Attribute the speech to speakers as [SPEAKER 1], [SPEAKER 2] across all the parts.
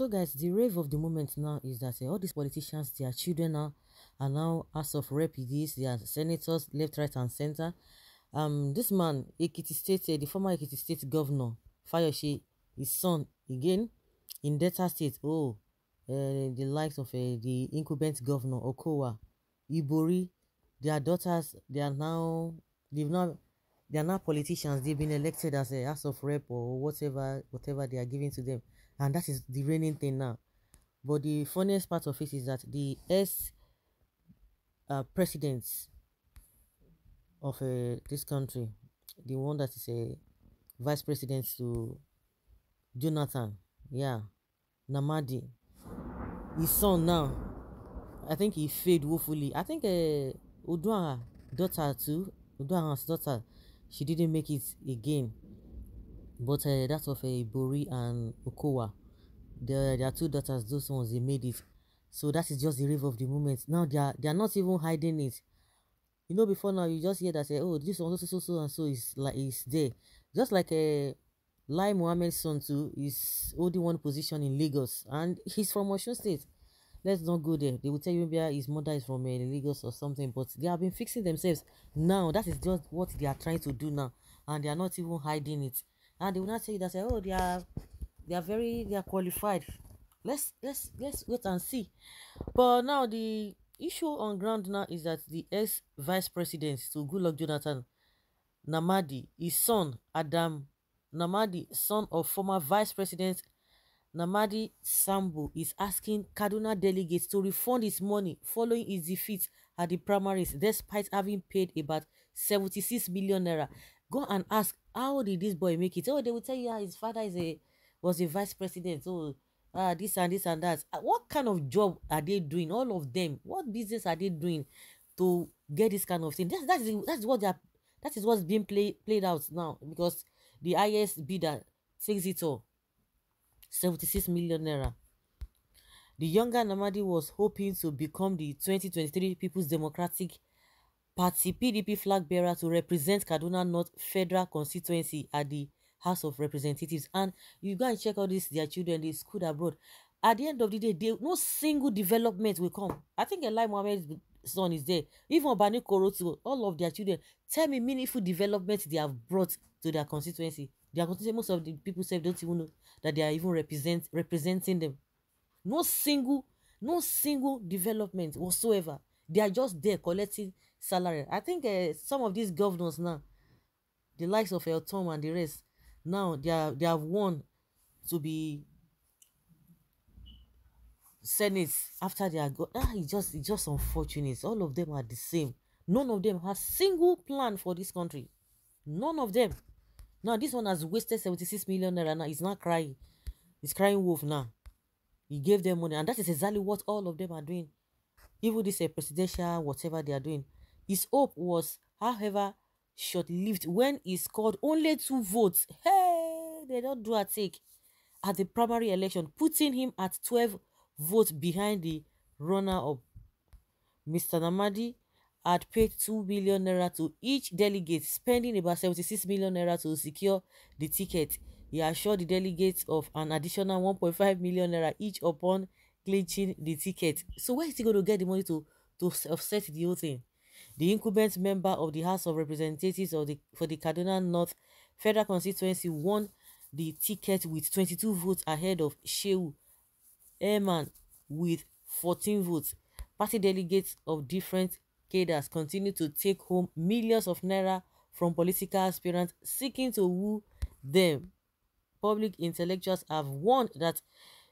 [SPEAKER 1] So guys, the rave of the moment now is that uh, all these politicians, their children now, are now as of reps, they are senators left, right and center. Um, this man, Ekiti State, uh, the former Ekiti State governor, Fayoshe, his son again, in Delta State, oh, uh, the likes of uh, the incumbent governor, Okowa, Ibori, their daughters, they are now, they've now they are not politicians they've been elected as a house of rep or whatever whatever they are giving to them and that is the reigning thing now but the funniest part of it is that the s uh, presidents of uh, this country the one that is a vice president to jonathan yeah namadi his son now i think he failed woefully i think uh, oduaha daughter too oduaha's daughter She didn't make it again. But uh, that of uh, Ibori and Okowa, their, their two daughters, those ones, they made it. So that is just the rave of the moment. Now they are, they are not even hiding it. You know, before now, you just hear that, say, eh, oh, this one, so, so, so, and so is like is there. Just like a. Uh, Lai Mohammed's son too is holding one position in Lagos and he's from Osun State let's not go there. They will tell you maybe ah, his mother is from uh, Lagos or something, but they have been fixing themselves now. That is just what they are trying to do now, and they are not even hiding it. And they will not say that say, oh, they are they are very they are qualified. Let's let's let's wait and see. But now the issue on ground now is that the ex vice president to so Goodluck Jonathan Namadi, his son Adam Namadi, son of former vice president Namadi Sambo is asking Kaduna delegates to refund his money following his defeat at the primaries despite having paid about seventy-six million naira. Go and ask how did this boy make it? Oh, they will tell you ah, his father is a was a vice president. Oh, uh, this and this and that. Ah, what kind of job are they doing? All of them. What business are they doing to get this kind of thing? That's that's that's what they're that is what's being played played out now because the highest bidder takes it all. 76 million naira. The younger Namadi was hoping to become the 2023 People's Democratic Party PDP flag bearer to represent Kaduna North Federal Constituency at the House of Representatives. And you go and check out these their children, they school abroad. At the end of the day, they, no single development will come. I think Eli Mohammed's son is there. Even Obani Korotu, all of their children, tell me meaningful development they have brought to their constituency. They are considered most of the people self don't even know that they are even represent representing them. No single, no single development whatsoever. They are just there collecting salary. I think uh, some of these governors now, the likes of El Tom and the rest, now they are they have won to be senate after they are gone. Ah, it's just it's just unfortunate. All of them are the same. None of them has single plan for this country. None of them now this one has wasted 76 million naira now he's not crying he's crying wolf now he gave them money and that is exactly what all of them are doing even this uh, presidential whatever they are doing his hope was however short-lived when he scored only two votes hey they don't do a take at the primary election putting him at 12 votes behind the runner-up mr namadi had paid 2 billion naira to each delegate, spending about 76 million naira to secure the ticket. He assured the delegates of an additional 1.5 million naira each upon clinching the ticket. So where is he going to get the money to, to offset the whole thing? The incumbent member of the House of Representatives of the, for the Kaduna North Federal Constituency won the ticket with 22 votes ahead of Shehu Eman with 14 votes. Party delegates of different cadres continue to take home millions of naira from political aspirants seeking to woo them. Public intellectuals have warned that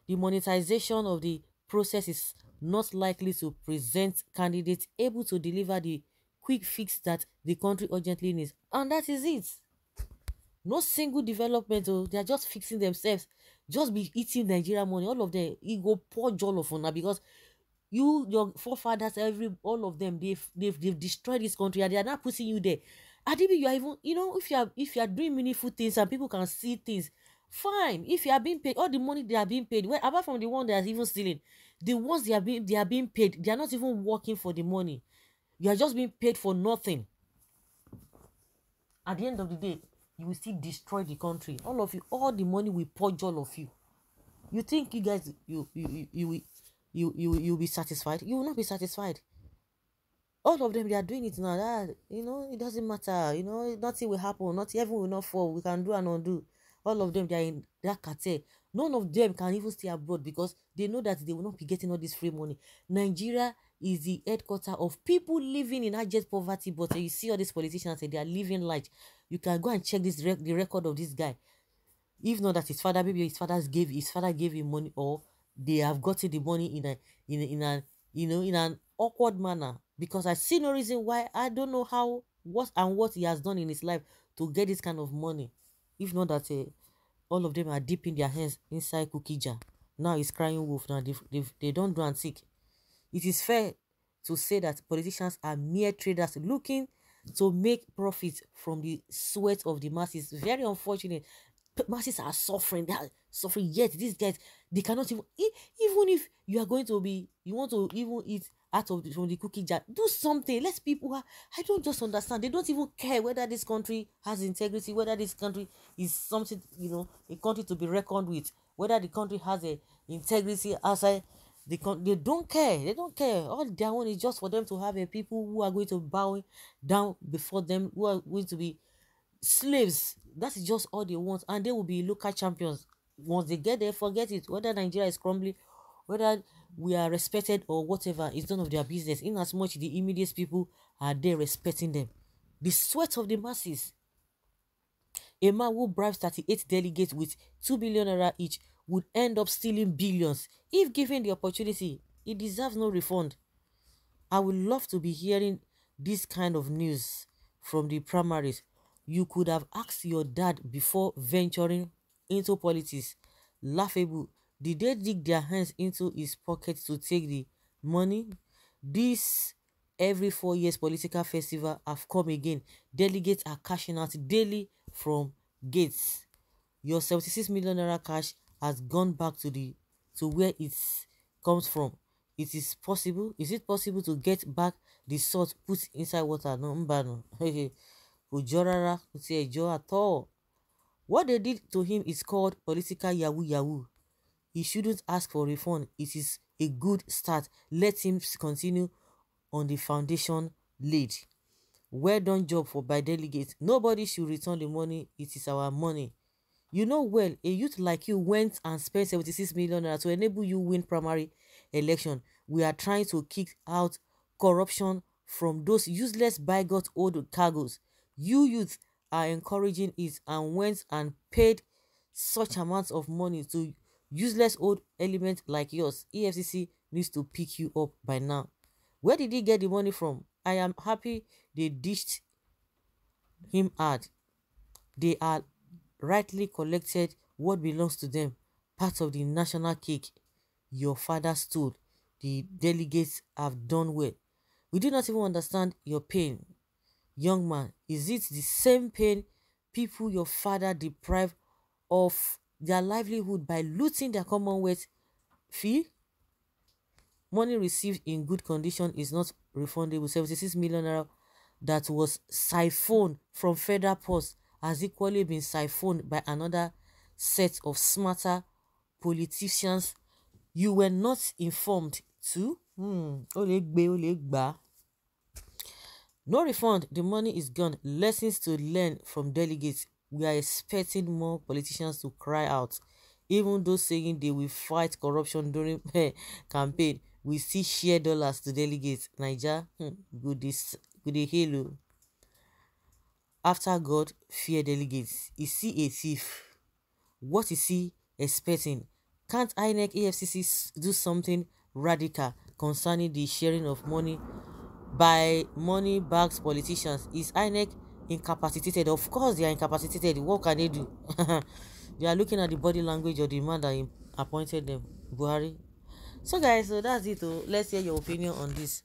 [SPEAKER 1] the monetisation of the process is not likely to present candidates able to deliver the quick fix that the country urgently needs. And that is it. No single development, oh, they are just fixing themselves. Just be eating Nigeria money. All of them, it e go poor jollof una because you your forefathers every all of them they've they've, they've destroyed this country and they are not putting you there adibi you are even you know if you are if you are doing meaningful things and people can see things fine if you are being paid all the money they are being paid well apart from the one that is even stealing the ones they are being they are being paid they are not even working for the money you are just being paid for nothing at the end of the day you will still destroy the country all of you all the money will purge all of you you think you guys you you you, you will you you you'll be satisfied you will not be satisfied all of them they are doing it now that you know it doesn't matter you know nothing will happen nothing everyone will not fall we can do and undo all of them they are in that cartel none of them can even stay abroad because they know that they will not be getting all this free money nigeria is the headquarter of people living in abject poverty but eh, you see all these politicians and eh, they are living large you can go and check this rec the record of this guy if not that his father maybe his father gave his father gave him money or they have gotten the money in a in in an you know in an awkward manner because I see no reason why I don't know how what and what he has done in his life to get this kind of money, if not that uh, all of them are dipping their hands inside cookie jar. Now he's crying wolf. Now they they they don't do and It is fair to say that politicians are mere traders looking to make profit from the sweat of the masses. Very unfortunate masses are suffering they are suffering yet these guys they cannot even even if you are going to be you want to even eat out of the, from the cookie jar do something let people are, i don't just understand they don't even care whether this country has integrity whether this country is something you know a country to be reckoned with whether the country has a integrity outside they, con- they don't care they don't care all they want is just for them to have a people who are going to bow down before them who are going to be slaves that is just all they want and they will be local champions once they get there forget it whether nigeria is crumbling whether we are respected or whatever is none of their business in as much the immediate people are there respecting them the sweat of the masses a man who bribes 38 delegates with 2 billion naira each would end up stealing billions if given the opportunity he deserves no refund i would love to be hearing this kind of news from the primaries You could have asked your dad before venturing into politics. Laughable. Did they dig their hands into his pocket to take the money? This every four years political festival have come again. Delegates are cashing out daily from gates. Your seventy-six million naira cash has gone back to the to where it comes from. It is possible. Is it possible to get back the salt put inside water? No, mbano. kò jọ rárá kò tiẹ̀ jọ at what they did to him is called political yahoo yahoo he shouldn't ask for refund it is a good start let him continue on the foundation laid well done job for by delegate nobody should return the money it is our money you know well a youth like you went and spent seventy six million naira to enable you win primary election we are trying to kick out corruption from those useless bigot old cargoes You youth are encouraging it and went and paid such amounts of money to useless old elements like yours. EFCC needs to pick you up by now. Where did he get the money from? I am happy they dished him out. They are rightly collected what belongs to them, part of the national cake. Your father stole. The delegates have done well. We do not even understand your pain. Young man, is it the same pain people your father deprived of their livelihood by looting their commonwealth fee? Money received in good condition is not refundable. Seventy-six million naira that was siphoned from federal post has equally been siphoned by another set of smarter politicians you were not informed too. Hmm, ó lè gbé ó lè gbà No refund, the money is gone. Lessons to learn from delegates. We are expecting more politicians to cry out. Even though saying they will fight corruption during eh, campaign, we still share dollars to delegates. Niger, good this good day, hello. After God, fear delegates. Is see a thief? What is see? expecting? Can't INEC AFCC do something radical concerning the sharing of money by money bags politicians is INEC incapacitated of course they are incapacitated what can they do they are looking at the body language of the man that appointed them Buhari so guys so that's it oh let's hear your opinion on this